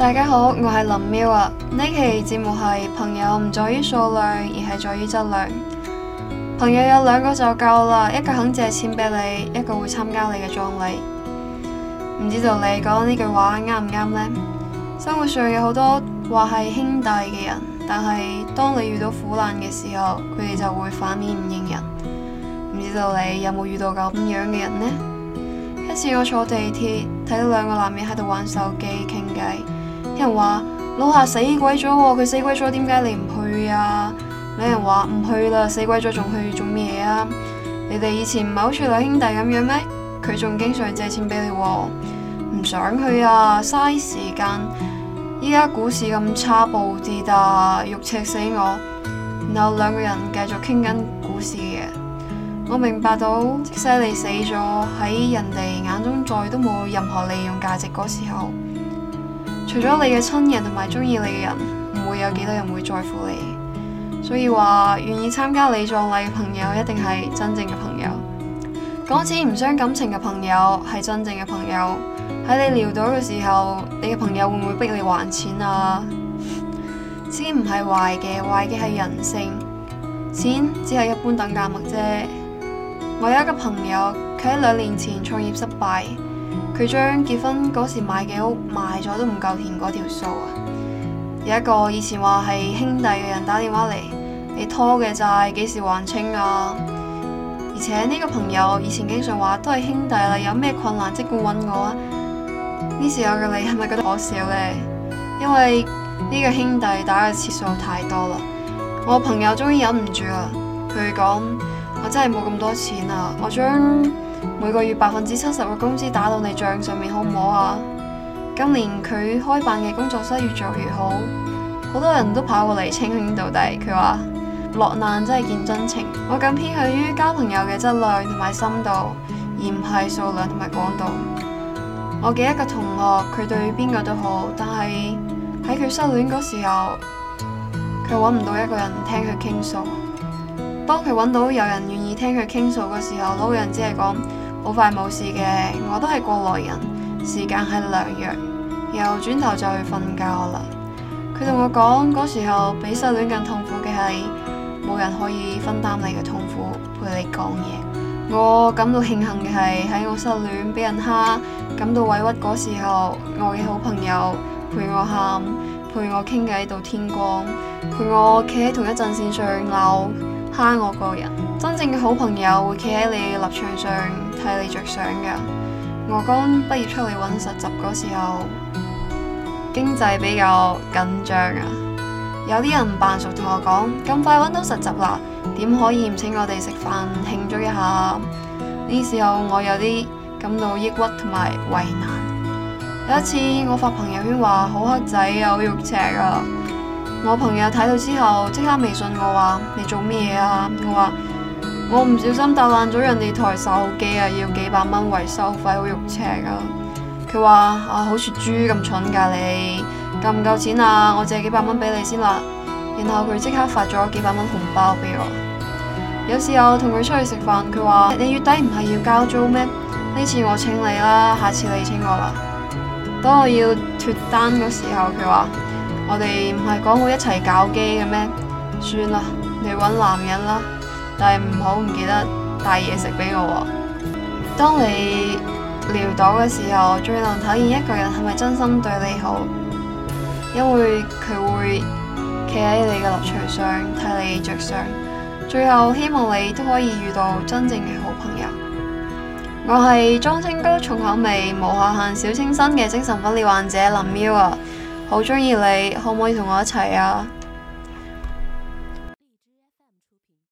大家好，我係林妙啊！呢期節目係朋友唔在於數量，而係在於質量。朋友有兩個就夠啦，一個肯借錢俾你，一個會參加你嘅葬禮。唔知道你講呢句話啱唔啱咧？生活上有好多話係兄弟嘅人，但係當你遇到苦難嘅時候，佢哋就會反面唔認人。唔知道你有冇遇到過咁樣嘅人呢？一次我坐地鐵，睇到兩個男人喺度玩手機傾偈。聊天有人話老夏死鬼咗，佢死鬼咗，點解你唔去啊？兩人話唔去啦，死鬼咗仲去做咩嘢啊？你哋以前唔係好似兩兄弟咁樣咩？佢仲經常借錢俾你，唔想去啊，嘥時間。依家股市咁差，暴跌啊，肉赤死我。然後兩個人繼續傾緊股市嘅。我明白到，即使你死咗喺人哋眼中，再都冇任何利用價值嗰時候。除咗你嘅親人同埋鍾意你嘅人，唔會有幾多人會在乎你。所以話願意參加你葬禮嘅朋友，一定係真正嘅朋友。講錢唔傷感情嘅朋友係真正嘅朋友。喺你潦倒嘅時候，你嘅朋友會唔會逼你還錢啊？錢唔係壞嘅，壞嘅係人性。錢只係一般等價物啫。我有一個朋友，佢喺兩年前創業失敗。佢將結婚嗰時買嘅屋賣咗都唔夠填嗰條數啊！有一個以前話係兄弟嘅人打電話嚟，你拖嘅債幾時還清啊？而且呢個朋友以前經常話都係兄弟啦，有咩困難即管揾我啊！呢時候嘅你係咪覺得可笑呢？因為呢個兄弟打嘅次數太多啦，我朋友終於忍唔住啦，佢講，我真係冇咁多錢啊，我將。每個月百分之七十嘅工資打到你賬上面，好唔好啊？今年佢開辦嘅工作室越做越好，好多人都跑過嚟稱兄道弟。佢話落難真係見真情，我更偏向於交朋友嘅質量同埋深度，而唔係數量同埋廣度。我嘅一個同學，佢對邊個都好，但係喺佢失戀嗰時候，佢搵唔到一個人聽佢傾訴。當佢揾到有人願意聽佢傾訴嘅時候，嗰個人只係講，好快冇事嘅，我都係過來人，時間係良藥。然後轉頭就去瞓覺啦。佢同我講，嗰時候比失戀更痛苦嘅係冇人可以分擔你嘅痛苦，陪你講嘢。我感到慶幸嘅係，喺我失戀俾人蝦感到委屈嗰時候，我嘅好朋友陪我喊，陪我傾偈到天光，陪我企喺同一陣線上鬧差我個人，真正嘅好朋友會企喺你立場上替你着想嘅。我剛畢業出嚟搵實習嗰時候，經濟比較緊張啊。有啲人扮熟同我講，咁快揾到實習啦，點可以唔請我哋食飯慶祝一下？呢時候我有啲感到抑鬱同埋為難。有一次我發朋友圈話好黑仔啊，好肉赤啊。我朋友睇到之後即刻微信我話：你做咩啊？我話我唔小心打爛咗人哋台手機啊，要幾百蚊維修費，好肉赤啊！佢話啊，好似豬咁蠢噶你，夠唔夠錢啊？我借幾百蚊俾你先啦。然後佢即刻發咗幾百蚊紅包俾我。有時候同佢出去食飯，佢話你月底唔係要交租咩？呢次我請你啦，下次你請我啦。當我要脫單嘅時候，佢話。我哋唔係講好一齊搞基嘅咩？算啦，你搵男人啦，但係唔好唔記得帶嘢食俾我。當你潦倒嘅時候，最能體現一個人係咪真心對你好，因為佢會企喺你嘅立場上替你着想。最後，希望你都可以遇到真正嘅好朋友。我係裝清高重口味無下限小清新嘅精神分裂患者林喵啊！好中意你，可唔可以同我一齊啊？